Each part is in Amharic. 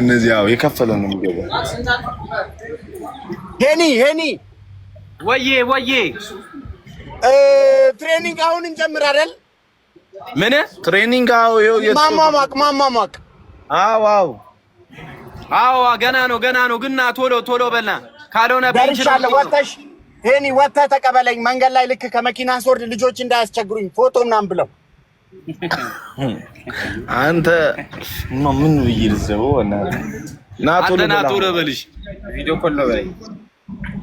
እነዚያው የከፈለ ነው የሚገባው። ሄኒ ሄኒ፣ ወዬ ወዬ፣ ትሬኒንግ አሁን እንጀምር አይደል? ምን ትሬኒንግ? አዎ፣ ማሟሟቅ ማሟሟቅ። አዎ፣ አዎ፣ አዎ፣ ገና ነው ገና ነው። ግና ቶሎ ቶሎ በልና ካልሆነ ደርሻለሁ። ወተሽ ሄኒ፣ ወተህ ተቀበለኝ መንገድ ላይ ልክ ከመኪና ስወርድ ልጆች እንዳያስቸግሩኝ ፎቶ ምናምን ብለው አንተ ምን ብዬ ልዘበው? ናቶናቶ ለበልሽ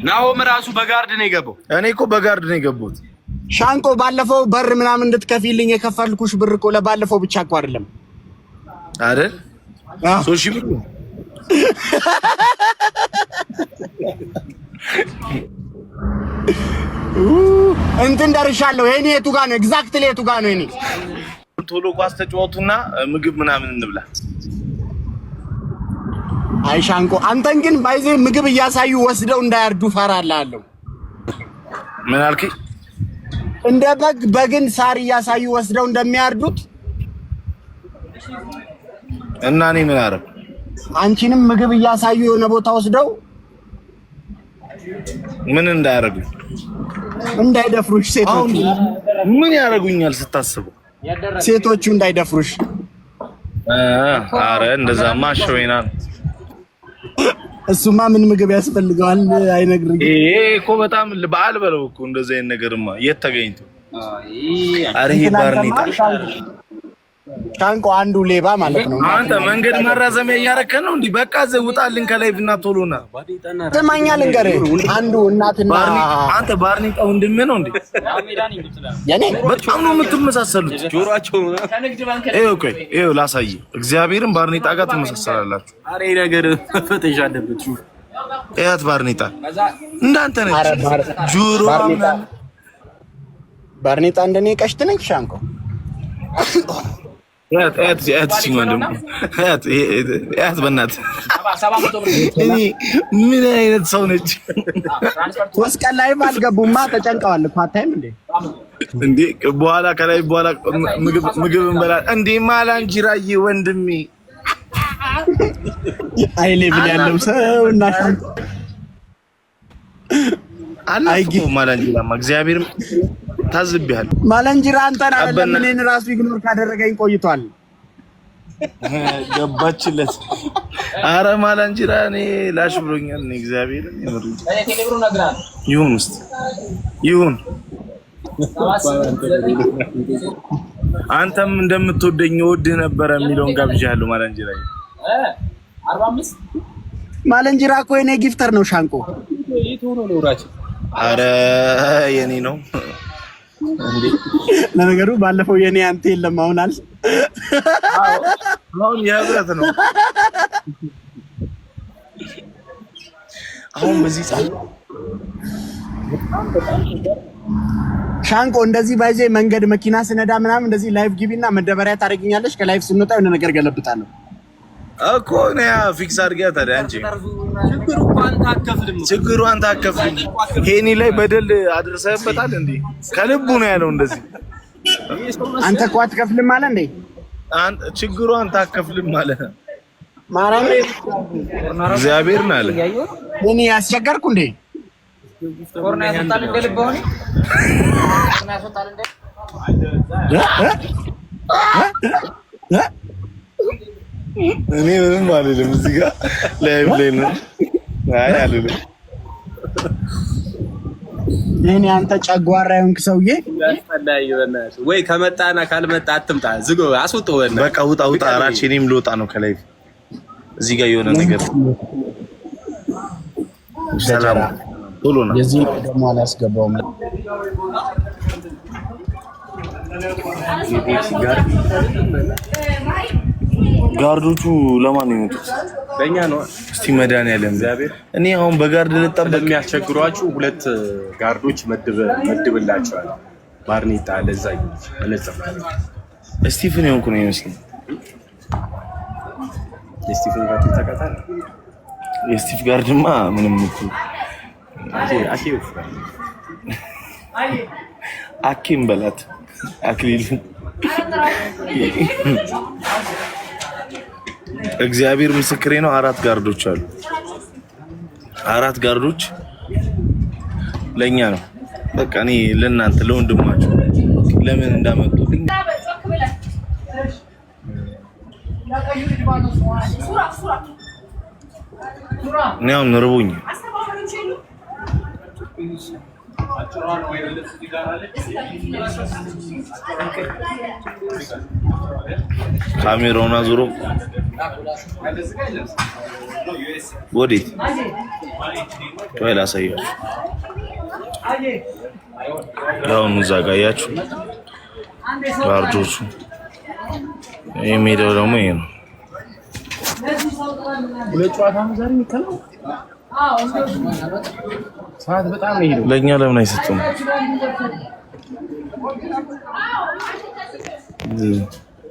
ናሆም ራሱ በጋርድ ነው የገባው። እኔ እኮ በጋርድ ነው የገቡት። ሻንቆ ባለፈው በር ምናምን እንድትከፊልኝ የከፈልኩሽ ብር እኮ ለባለፈው ብቻ እኮ አይደለም አይደል? ሶ ሺህ ብር እንትን ደርሻለሁ። የኔ የቱ ጋ ነው? ኤግዛክትሊ የቱ ጋ ነው የኔ ቶሎ ኳስ ተጫወቱና ምግብ ምናምን እንብላ። አይሻንቆ አንተን ግን ባይዜ ምግብ እያሳዩ ወስደው እንዳያርዱ ፈራላለሁ። ምን አልክ? እንደ በግ በግን ሳር እያሳዩ ወስደው እንደሚያርዱት እና እኔ ምን አረ አንቺንም ምግብ እያሳዩ የሆነ ቦታ ወስደው ምን እንዳያረጉኝ እንዳይደፍሩሽ ሴቶች ምን ያረጉኛል ስታስበው ሴቶቹ እንዳይደፍሩሽ። አረ እንደዛማ ሾይናል። እሱማ ምን ምግብ ያስፈልገዋል አይነግርኝ። ይሄ እኮ በጣም በዓል በለው እኮ እንደዚህ አይነት ነገርማ የት ተገኝቶ አረ ይባርኒታ ሻንቆ አንዱ ሌባ ማለት ነው። አንተ መንገድ ማራዘሚያ እያረከ ነው። እንዲህ በቃ ዘውጣልን ከላይ ብና ቶሎና ስማኛ ልንገርህ፣ አንዱ እናትና አንተ ባርኔጣ ወንድም ነው። እንዴ በጣም ነው የምትመሳሰሉት። ጆሮአቸው ነው። ቆይ ይኸው ላሳይ። እግዚአብሔርን ባርኔጣ ጋር ትመሳሰላላችሁ። አሬ ነገር ፈተሽ አለበት። እያት ባርኔጣ እንዳንተ ነች። ጆሮ ባርኔጣ እንደኔ ቀሽት ነች ሻንቆ ያት በእናትህ ምን አይነት ሰው ነች? ሶስት ቀን ላይም አልገቡማ ተጨንቀዋል። ፓርታይም እንዴ በኋላ ከላይ በኋላ ምግብ እንበላ እንዴ ማላንጂ ራዬ ወንድሜ አይሌ ምን ያለው ሰው እና አላፍኩም ማላንጂ ላማ እግዚአብሔር ታዝብያል። ማለንጅራ አንተን አይደለም እኔን ራሱ ይግኖር ካደረገኝ ቆይቷል። ገባችለት። አረ ማለንጅራ እኔ ላሽ ብሎኛል። እኔ እግዚአብሔር ይሁን ውስጥ ይሁን አንተም እንደምትወደኝ ወድህ ነበረ የሚለውን ጋብዣለሁ። ማለንጅራ ማለንጅራ እኮ የኔ ጊፍተር ነው። ሻንቆ አረ የኔ ነው ለነገሩ ባለፈው የኔ አንተ የለም አሁን አሁን የህብረት ነው። አሁን በዚህ ሻንቆ እንደዚህ ባይዜ መንገድ መኪና ስነዳ ምናምን እንደዚህ ላይቭ ግቢና መደበሪያ ታደርግኛለሽ። ከላይቭ ስንወጣ የሆነ ነገር ገለብጣለሁ። እኮ ነያ ፊክስ አድርጊያ። ታዲያ አንቺ ችግሩ አንተ አከፍልም። ሄኒ ላይ በደል አድርሰህበታል እንዴ? ከልቡ ነው ያለው እንደዚህ። አንተ እኮ አትከፍልም አለ እንዴ? ችግሩ አንተ አከፍልም አለ። እግዚአብሔር ነው አለ። ሄኒ ያስቸገርኩ እንዴ? እኔ ምንም አልልም። እዚህ ጋር ላይቭ ላይ ነው። አይ አልልም። እኔ አንተ ጨጓራ የሆንክ ሰውዬ ወይ ከመጣና ካልመጣ አትምጣ። ዝጎ ዝግ አስወጣው። በቃ ውጣ ውጣ። አራች እኔም ልወጣ ነው ከላይቭ። እዚህ ጋር የሆነ ነገር ሰላም ሁሉ ነው። የዚህ ደግሞ አላስገባውም ጋር ጋርዶቹ ለማን ነው የመጡት? ለእኛ ነው። እስቲ መድኃኒዓለም እኔ አሁን በጋርድ ልጠበቅ የሚያስቸግሯችሁ ሁለት ጋርዶች መድብላቸዋል። ባርኔጣ ለዛ መለጽፍ ስቲፍን የሆንኩ ነው ይመስለኝ። የስቲፍን ጋርድ ተቀጣል። የስቲፍ ጋርድማ ምንም አኬም በላት አክሊል እግዚአብሔር ምስክሬ ነው። አራት ጋርዶች አሉ። አራት ጋርዶች ለኛ ነው። በቃ እኔ ለእናንተ ለወንድማችሁ ለምን እንዳመጡ እኔ አሁን ካሜራውን አዙሮ ወዴት ወይ ላሳያችሁ። ያሁኑ እዛ ጋ ያችሁ ጋርዶቹ የሚሄደው ደግሞ ይሄ ነው። ለእኛ ለምን አይሰጡም?